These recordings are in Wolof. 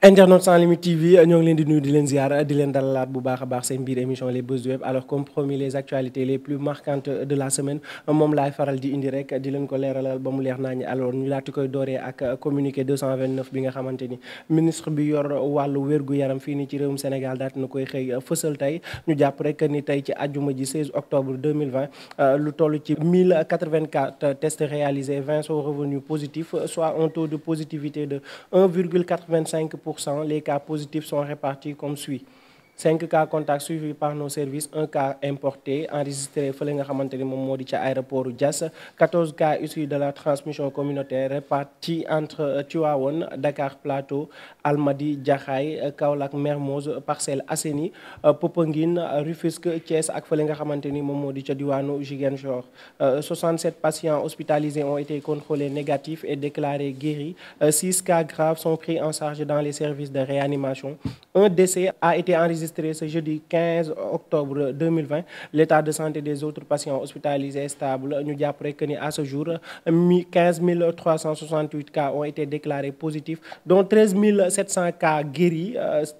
internet sans limite TV ñoo ngi leen di nuyu di leen ziar di leen dalalaat bu baax a baax seen biir émission les buzz alors comme promis les actualités les plus marquantes de la semaine moom laay faral di indi rek di leen ko leeralal ba mu leer naa ñi alors ñu laati koy dooree ak communiqué bi nga xamante ni ministre bi yor wàllu wérgu yaram fii nii ci réewum Sénégal daati na koy xëy fësal tey ñu jàpp rek ni tey ci àjjuma ji 16 octobre 2020 euh, lu toll ci 1084 tests réalisés 20 pour cent les cas positifs sont répartis comme suit cinq cas contacts suivis par nos services un cas importé enregistré fële nga xamante ni moom moo di ca aéroport Diass quatorze cas issus de la transmission communautaire répartis entre euh, Tivaouane Dakar Plateau Almadies Jaxaay euh, Kaolack Mermoz Parcelles Assainies euh, Popenguine Rufisque Thiès ak fële nga xamante ni moom moo di ca diwaanu Ziguinchor 67 patients hospitalisés ont été contrôlés négatifs et déclarés guéris 6 cas graves sont pris en charge dans les services d réanimation un enregistré ce jeudi 15 octobre 2020 l'état de santé des autres patients hospitalisés est stable ñu jàpp rek ni à ce jour mi 15 368 cas ont été déclarés positifs dont 13 700 cas guéris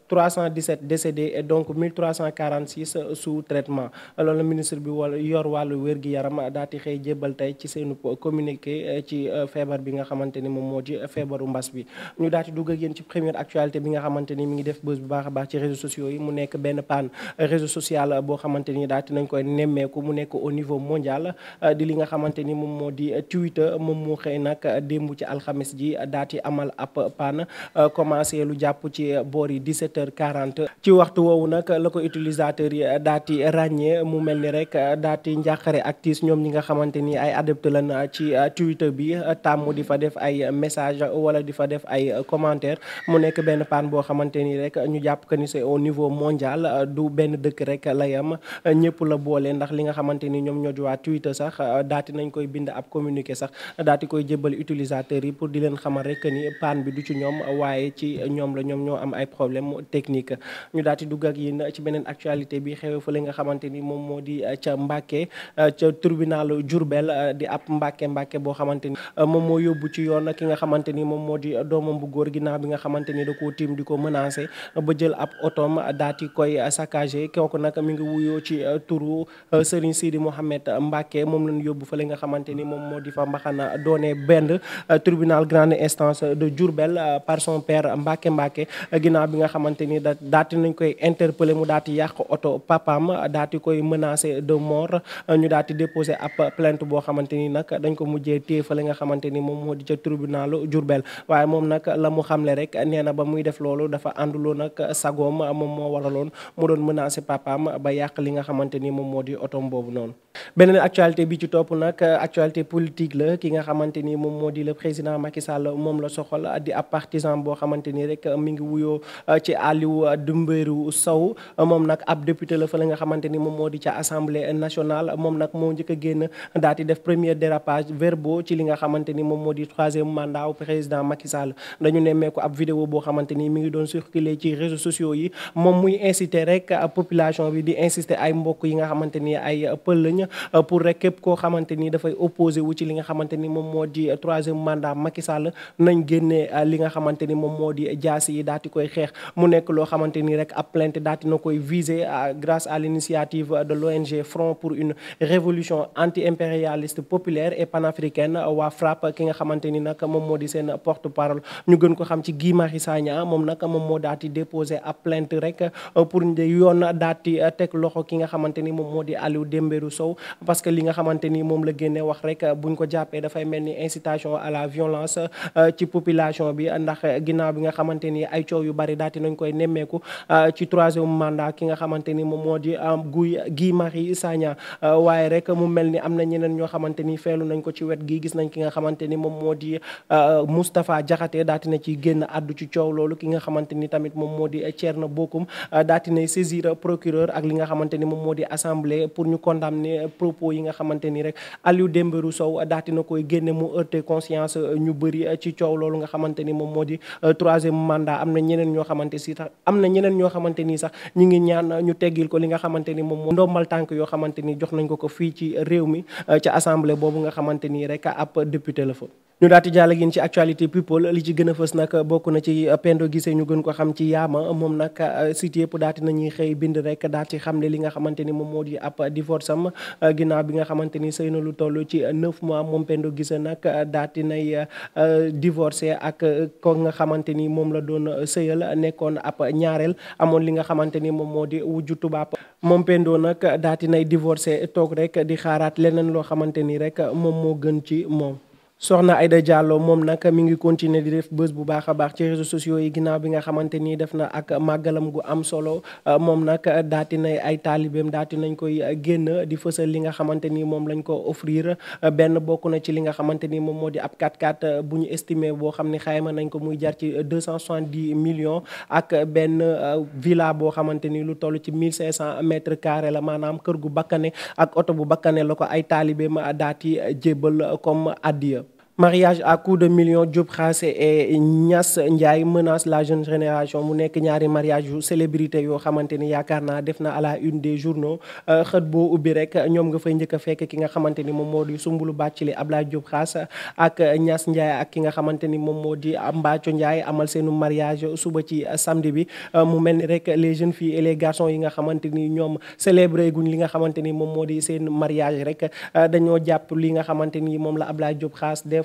317 euh, décédés et donc 1346 sous traitement loolu la ministre bi wala yor wàllu wér-gi-yaram daati xëy jébbal tey ci seenu communiqué euh, ci euh, feebar bi nga xamante ni moom moo di feebaru mbas bi ñu daati dugg ak yéen ci première actualité bi nga xamante mi ngi def buzz bu baax ci réseaux sociaux yi nekk benn panne réseau social boo xamante ni daal dinañ koy nemmeeku mu nekk au niveau mondial euh, di li nga xamante ni moom moo di Twitter moom moo xëy nag démb ci alxames ji daati amal ab euh, commencé lu jàpp ci boor yi 17h40 ci waxtu woowu nag la ko utilisateur yi daati ràññee mu mel ni rek daati njàqare actrice ñoom ñi nga xamante ni ay adepte lan ci Twitter bi tàmm di fa def ay message wala di fa def ay commentaire mu nekk benn panne boo xamante ni ñu jàpp que au niveau mondial euh, du benn dëkk rek la yam ñëpp la boole ndax li nga xamante ni ñoom ñoo di waa Twitter sax euh, daati nañ koy bind ab communiqué sax daati koy jébbal utilisateurs yi pour di leen xamal rek ni panne bi du ci ñoom waaye ci ñoom la ñoom ñoo am ay problème technique ñu daati dugg ak yéen ci beneen actualité bi xewee fële nga xamante ni moom moo di euh, ca Mbàkke ca tribunal Diourbel di ab Mbàkke Mbàkke boo xamante ni moom moo yóbbu ci yoon ki nga xamante ni moom moo di doomam bu góor ginnaaw bi nga xamante ni da koo di ko menacé ba daal di koy saccagé kooku nag mi ngi wuyoo ci euh, turu euh, Serigne Sidi Mohamed Mbacke moom lañu yóbbu fa li nga xamante ni moom moo di fa mbaxana doone benn euh, tribunal grande instance de Diourbel par son père Mbacke Mbacke ginnaaw bi nga xamante ni da daati nañ koy interpellé mu daati yàq oto papam daati koy menacé de mort ñu daati déposé ab plainte boo xamante ni nag dañ ko mujjee téye fa li nga xamante ni moom moo di ca tribunalu Diourbel waaye moom nag la mu xamle rek nee na ba muy def waraloon mu doon menacé papaam ba yàq li nga xamante ni moom moo di otom noonu beneen actualité bi ci topp nag actualité politique la ki nga xamante ni moom moo di le président Macky Sall moom la soxal di ab partisan boo xamante ni rek mi ngi wuyoo ci Aliou Dembourou saw moom nag ab député la fa la nga xamante ni moom moo di ca assemblée nationale moom nag moo njëkk génn daal di def premier dérapage verbaux ci li nga xamante ni moom moo di troisième mandat président Macky Sall dañu nemmeeku ab vidéo boo xamante ni mi ngi doon circuler ci réseaux sociaux yi muy inciter rek euh, population bi di insister ay mbokk yi nga xamante ni ay euh, pël lañ euh, pour képp koo xamante ni dafay opposé wu ci li nga xamante ni moom moo di troisième mandat Macky Sall nañ génnee li nga xamante ni moom moo di jaasi yi daal di koy xeex mu nekk loo xamante ni rek ab plainte daal di na koy viser grâce à l'initiative de l'ONG Front pour une révolution anti-impérialiste populaire et panafricaine waa FRAPP ki nga xamante ni nag moom moo di seen porte-parole ñu gën ko xam ci Guy Marius moom nag moom moo daal di déposé ab plainte rek Euh, pour yoon daal di euh, teg loxo ki nga xamante ni moom moo di Aliou Dembourou Sow parce que li nga xamante ni moom la génne wax rek euh, buñ ko jàppee dafay mel ni incitation la violence ci population bi ndax ginnaaw bi nga xamante ni ay coow yu bari daal di nañ koy nemmeeku ci troisième mandat ki nga xamante ni moom moo di Guy Guy Marie Sagna waaye rek mu mel ni am na ñeneen ñoo xamante ni feelu nañ ko ci wet gi gis nañ ki nga xamante ni moom moo di Moustapha Diakhaté daal na ci génn àddu ci coow loolu ki nga xamante ni tamit moom moo di na Bocoum Euh, daa tinay saisir procureur ak li nga xamante ni moom moo di assemblée pour ñu condamner propos yi nga xamante ni rek Aliou Dembourou Sow euh, daa na koy génne mu heurter conscience euh, ñu bëri ci coow loolu nga xamante ni moom moo di troisième mandat am na ñeneen ñoo xamante si sax am na ñeneen ñoo xamante nii sax ñu ngi ñaan ñu teggil ko li nga xamante ni moom moo ndombal tànk yoo xamante ni jox nañ ko ko fii ci réew mi ci assemblée boobu nga xamante nii rek ab député la fa ñu daal di jàll ci actualité people li ci gën a fës nag bokk na ci euh, Pendo Guissé ñu gën ko xam ci yaama moom nag euh, site yëpp daal di nañuy xëy bind rek daal ci xamle li nga xamante ni moom moo di ab divorce am euh, ginnaaw bi nga xamante ni sëy na lu toll ci 9 mois moom Pendo Guissé nag daal di nay divorcé ak ko nga xamante ni moom la doon sëyal nekkoon ab ñaareel amoon li nga xamante ni moom moo di wujju tubaab moom Pendo nag daal di nay divorcé toog rek di xaaraat leneen loo xamante ni rek moom moo gën ci moom. soxna Aida Diallo moom nag mi ngi continuer di def bës bu baax a baax ci réseaux sociaux yi ginnaaw bi nga xamante ni def na ak màggalam gu am solo euh, moom nag daati na ay taalibeem daati nañ koy génn di fësal li nga xamante ni moom lañ ko offrir euh, benn bokk na ci li nga xamante ni moom moo di ab 4 x bu ñu estimé boo xam ne xayma nañ ko muy jar ci 270 millions ak benn euh, villa boo xamante ni lu toll ci 1500 mètres carrés la maanaam kër gu bakkane ak oto bu bakkane la ko ay taalibeem daati jébbal comme addiya mariage à coups de million Diop Khass et Niass Ndiaye menace la jeune génération mu nekk ñaari mariage yu célébrité yoo xamante ni yaakaar naa def na à la une de journaux euh, xët boo ubbi rek ñoom nga fay njëkk fekk ki nga xamante ni moom moo di Soumboulou Bathily Ablaye Diop Khass ak Niass Ndiaye ak ki nga xamante ni moom moo di Mbathio Ndiaye amal seenu mariage suba ci samedi bi euh, mu mel ni rek les jeunes fii et les garçons yi nga xamante ni ñoom célébré guñ li nga xamante ni moom moo di seen mariage rek euh, dañoo jàpp li nga xamante ni moom la Ablaye Diop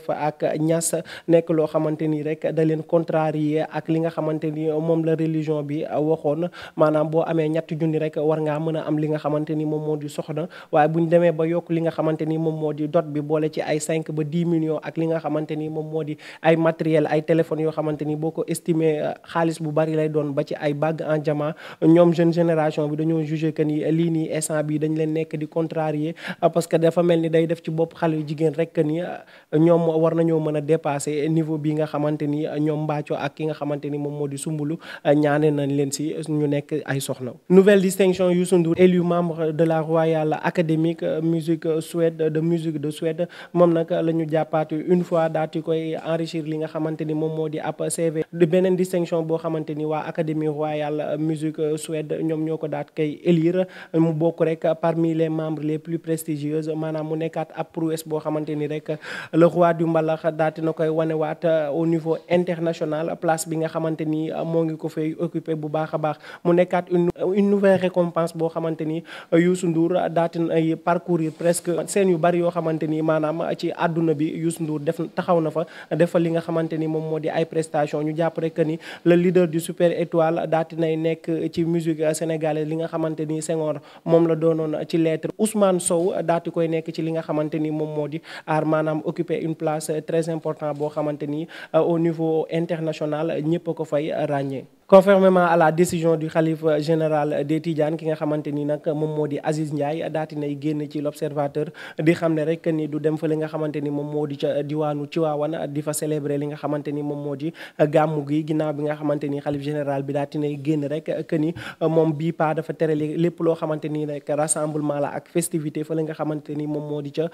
def ak ñas nekk loo xamante ni rek da leen contrarier ak li nga xamante ni moom la religion bi waxoon maanaam boo amee ñetti junni rek war ngaa mën a am li nga xamante ni moom moo di soxna waaye bu demee ba yokk li nga xamante ni moom moo di dot bi boole ci ay cinq ba 10 millions ak li nga xamante ni moom moo di ay matériel ay téléphone yoo xamante ni boo ko estimé euh, xaalis bu bari lay doon ba ci ay bague en jaman ñoom jeune génération bi dañoo jugé que ni lii nii instant dañ leen nekk di contrarier parce que dafa mel ni day def ci bopp xale yu jigéen ni euh, war nañoo mën a dépasser niveau bi nga xamante ni euh, ñoom Mbathio ak ki nga xamante ni moom moo di Soumboulou euh, ñaane na leen si ñu nekk ay soxna. nouvelle distinction Youssou Ndour élu membre de la Royal Académie euh, musique Suède de musique de Suède moom nag la ñu jàppaatu une fois daati koy enrichir li nga xamante ni moom moo di ab CV. beneen distinction boo xamante ni waa Académie Royale musique Suède ñoom ñoo ko daat koy élire mu bokk rek parmi les membres les plus prestigieuses mu nekkaat ab prouesse boo xamante ni rek Abdou Mbalax daati na koy wanewaat euh, au niveau international place bi nga xamante ni euh, a baax mu nekkaat une euh, une nouvelle récompense boo xamante ni Youssou Ndour daati na ay parcourir yu bari yoo xamante na fa defal li nga xamante ni moom moo di ay prestation ñu jàpp rek ni le leader du super étoile daati nay nekk ci musique sénégalaise li nga xamante ni aar maanaam occupé place très important boo xamante ni euh, au niveau international ñëpp ko fay ràññee. conformément à la décision du xalif général des Tidianes ki nga xamante ni nag moom moo di Aziz Ndiaye daati génn ci l'observateur di xam ne rek ni du dem fa li nga xamante ni moom moo di ca diwaanu Tiwaawan di fa célébrer li nga xamante ni moom moo di gàmmu gi ginnaaw bi nga xamante ni xalif général bi daati nay génn rek que ni moom bii pa dafa tere lépp loo xamante ni rek rassemblement la ak festivité fa nga xamante ni moom moo di ca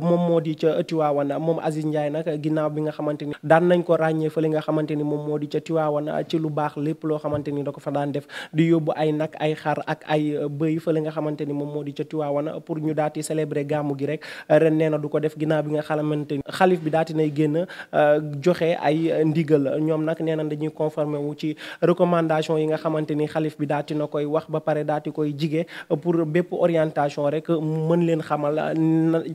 moom moo di ca Tiwaawan moom Aziz Ndiaye nag ginnaaw bi nga xamante ni daan nañ ko ràññee fa li nga xamante ni moom moo di ca Tiwaawan ci lu baax baax lépp loo xamante ni da ko fa daan def di yóbbu ay nag ay xar ak ay euh, bëy fële ni moom moo di ca Tiwaawan pour ñu daati célébrer gàmmu gi rek ren nee na du bi nga xamante ni xalif bi daati nay génn euh, joxe ay euh, ndigal ñoom nag nee na dañuy conformer wu ci recommandation yi nga xamante ni xalif bi daati na koy wax ba pare daati koy jige pour bépp orientation rek mën leen xamal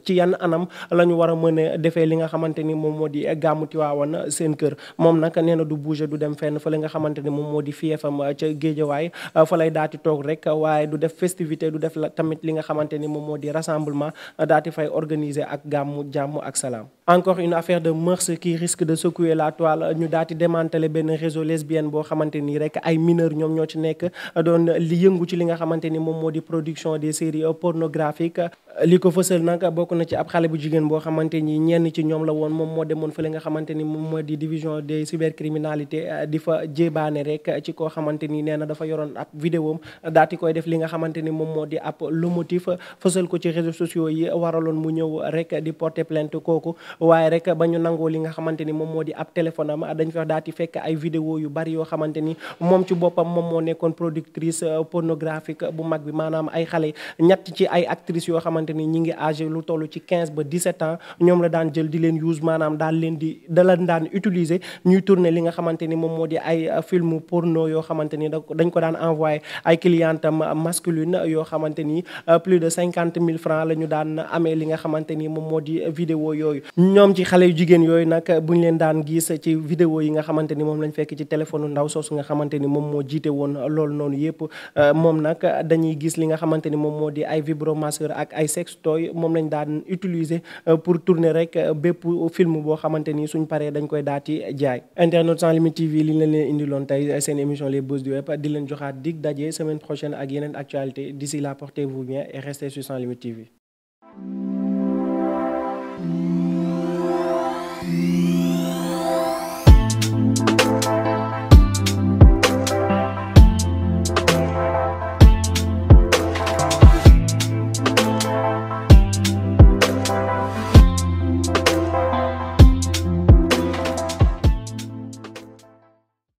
ci yan anam la ñu war mën defee li nga xamante ni moom moo di gàmmu Tiwaawan seen kër moom nag nee du bouger du dem fenn fële nga xamante moom moo di fiefam ca géejawaay fa lay daati toog rek waaye du def festivité du def la tamit li nga xamante ni moom moo di rassemblement daati fay organiser ak gàmmu jàmm ak salaam encore une affaire de mœurs qui risque de secouer la toile ñu daal di démanteler benn réseau lesbienne boo xamante ni rek ay mineurs ñoom ñoo ci nekk doon li yëngu ci li nga xamante ni moom moo di production des séries pornographiques li ko fësal nag bokk na ci ab xale bu jigéen boo xamante ni ñenn ci ñoom la woon moom moo demoon fële nga xamante ni moom moo di division des cybercriminalité di fa jébaane rek ci koo xamante ni nee na dafa yoroon ab vidéom daal di koy def li nga xamante ni moom moo di ab lomotif fësal ko ci réseaux yi waraloon mu ñëw rek di porter plainte kooku waaye rek ba ñu nangoo li nga xamante ni moom moo di ab téléphone am dañ daal di fekk ay vidéo yu bari yoo xamante ni moom ci boppam moom moo nekkoon productrice euh, pornographique bu mag bi maanaam ay xale ñett ci ay actrices yoo xamante ni ñi ngi âgé lu toll ci 15 ba 17 ans ñoom la daan jël di leen use maanaam daal leen di da leen daan utiliser tourner li nga xamante ni moom moo di ay euh, film porno yoo xamante ni dañ ko daan envoyé ay clientam masculine yoo xamante ni euh, plus de 50 mille francs la ñu daan amee li nga xamante ni moom moo di vidéo yooyu ñoom ci xale yu jigéen yooyu nag bu ñu leen daan gis ci vidéo yi nga xamante ni moom lañ fekk ci téléphone ndaw soosu nga xamante ni moom moo jiite woon loolu noonu yëpp euh, moom nag dañuy gis li nga xamante ni moom moo di ay vibromasseur ak ay sextoy moom lañ daan utiliser euh, pour tourner rek bépp film boo xamante ni suñ paree dañ koy daal di jaay. Internet Sans Limites TV li ñu leen indiloon tey seen émission les buzz du web di leen joxaat dig daje semaine prochaine yeneen actualité d'ici là portez-vous bien et